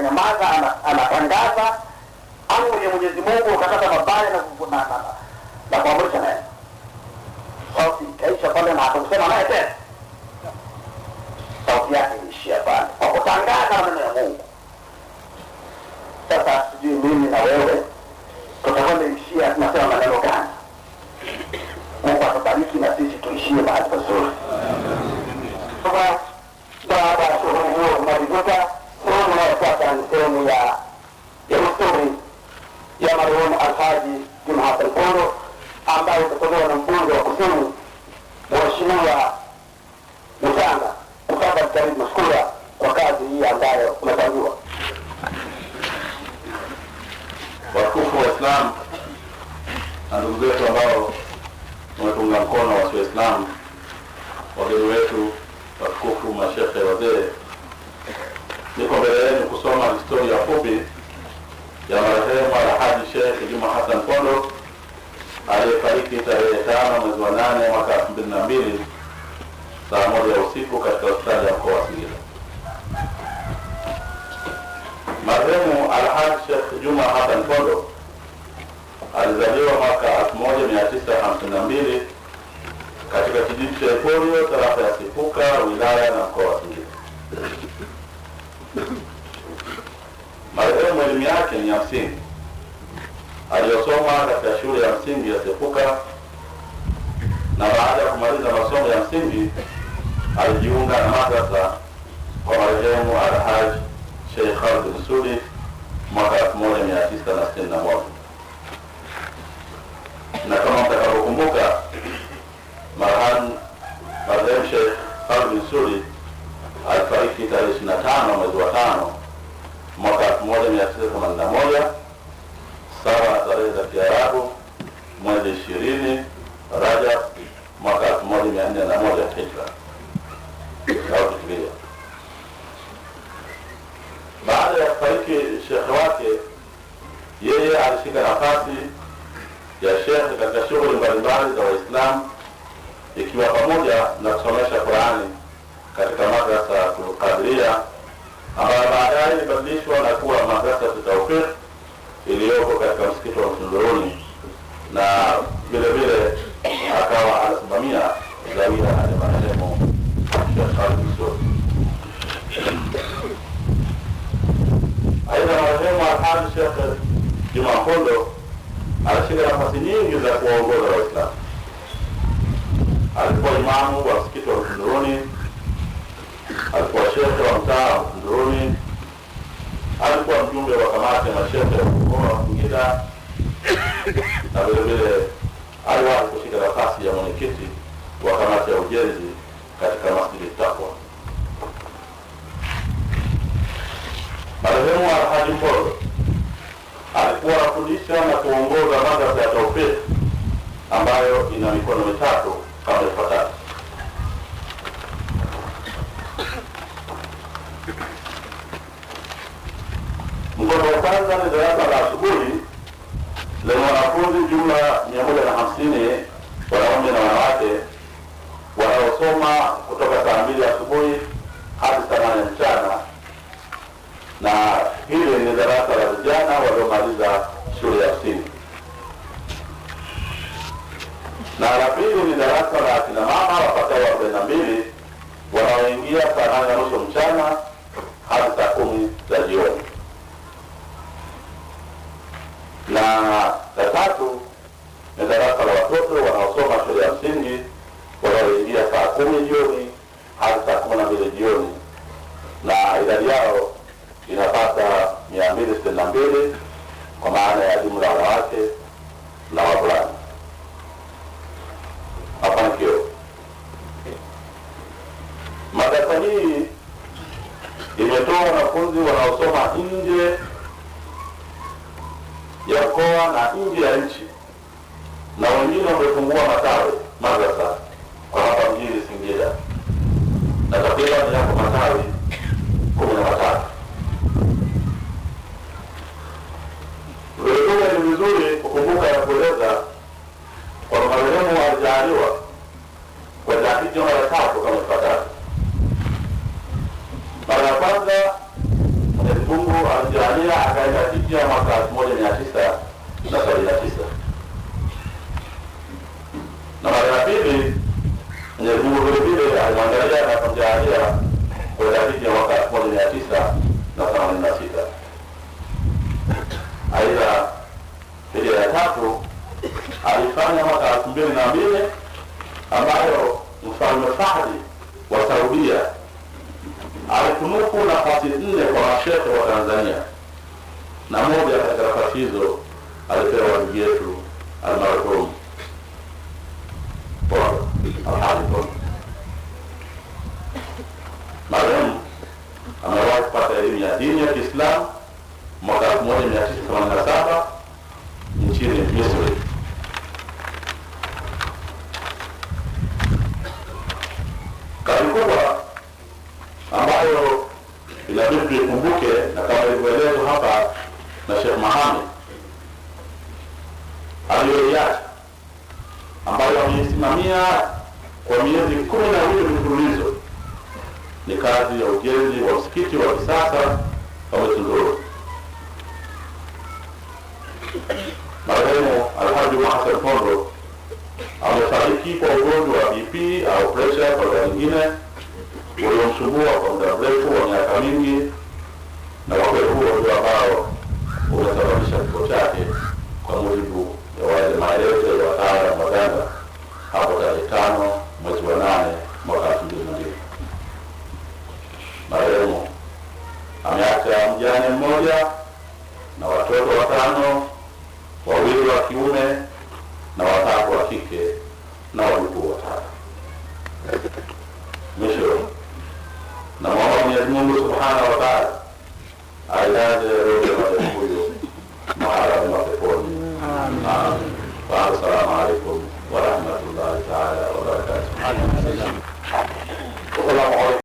akanyamaza, anatangaza au mwenye Mwenyezi Mungu, akataka mabaya na kuamrisha naye Sauti ikaisha pale na hakusema naye tena, sauti yake iishia pale kwa kutangaza maneno ya Mungu. Sasa sijui mimi na wewe zaidi kura kwa kazi hii ambayo umepangiwa. Watukufu wa Islam na ndugu zetu ambao umetunga mkono wa Kiislamu, wageni wetu watukufu, mashehe, wazee, niko mbele yenu kusoma historia fupi ya marehemu Alhaji Sheikh Juma Hassan Kondo aliyefariki tarehe tano mwezi wa nane mwaka elfu mbili na mbili saa moja ya usiku katika hospitali ya mkoa wa Singida. Marehemu Alhaj Sheikh Juma Hassan Kondo alizaliwa mwaka 1952 katika kijiji cha Iporio, tarafa ya Sipuka, wilaya na mkoa wa Singida. Marehemu elimu yake ni ya msingi aliyosoma katika shule ya msingi ya Sepuka na baada ya kumaliza masomo ya msingi alijiunga na madrasa kwa marehemu alhaj Sheikh Khalid Sudi mwaka 1961 na kama mtakavyokumbuka, marehemu marehemu Sheikh Khalid Sudi alifariki tarehe 25 mwezi wa tano mwaka 1981 sawa na tarehe za Kiarabu mwezi 20 Rajab mwaka 1401 Hijra. alifariki shekhe wake, yeye alishika nafasi ya shekhe katika shughuli mbalimbali za Waislamu, ikiwa pamoja na kusomesha Qurani katika madrasa Tulqadiria ambayo baadaye ilibadilishwa na kuwa madrasa Taufiq iliyoko katika msikiti wa Mtunduruni na vile vile akawa anasimamia zawia alimarehemu Sheikh hali Shekhe Juma Mpondo alishika nafasi nyingi za kuwaongoza Waislamu. Alikuwa imamu wa msikiti wa Mtunduruni, alikuwa shekhe wa mtaa wa Mtunduruni, alikuwa mjumbe wa kamati ya mashehe mkoa wa Singida, na vilevile aliwahi kushika nafasi ya mwenyekiti wa kamati ya ujenzi katika ina mikono mitatu kama ifuatavyo. Mkono wa kwanza ni darasa la asubuhi lenye wanafunzi jumla mia moja na hamsini wanaume na wanawake wanaosoma kutoka saa mbili asubuhi hadi saa nane mchana, na hili ni darasa la vijana waliomaliza shule ya msingi. na la pili ni darasa la akina mama wapatao arobaini na mbili wanaoingia saa nane na nusu mchana hadi saa kumi za jioni. Na la tatu ni darasa la watoto wanaosoma shule ya msingi wanaoingia saa kumi jioni hadi saa kumi na mbili jioni, na idadi yao inapata mia mbili sitini na mbili kwa maana ya jumla wanawake na wavulana. wanaosoma nje ya mkoa na nje ya nchi na wengine wamefungua matawi madrasa kwa hapa mjini Singida na takriban yako matawi ya utafiti ya mwaka elfu moja mia tisa na themanini na sita. Aidha, ile ya tatu alifanya mwaka elfu mbili na mbili ambayo mfalme Fahdi wa Saudia alitunuku nafasi nne kwa mashehe wa Tanzania na moja katika nafasi hizo alipewa ndugu yetu almarhum Islam mwaka 1987 nchini Misri. Kazi kubwa ambayo inabidi tuikumbuke, na kama ilivyoelezwa hapa na Sheikh Mohamed, aliyoiacha ambayo ameisimamia kwa miezi kumi na mbili mfululizo ni kazi ya ujenzi wa msikiti wa kisasa hawezi dhuru. Marehemu Alhaji Muhasan Kondo amefariki kwa ugonjwa wa BP au presha kwa lugha nyingine uliomsumbua kwa muda mrefu wa miaka mingi, na kwa huo ndio ambao ya mjane mmoja na watoto watano, wawili wa kiume na watatu wa kike na wajukuu watatu. Mwisho, namwomba Mwenyezi Mungu subhanahu wa taala roho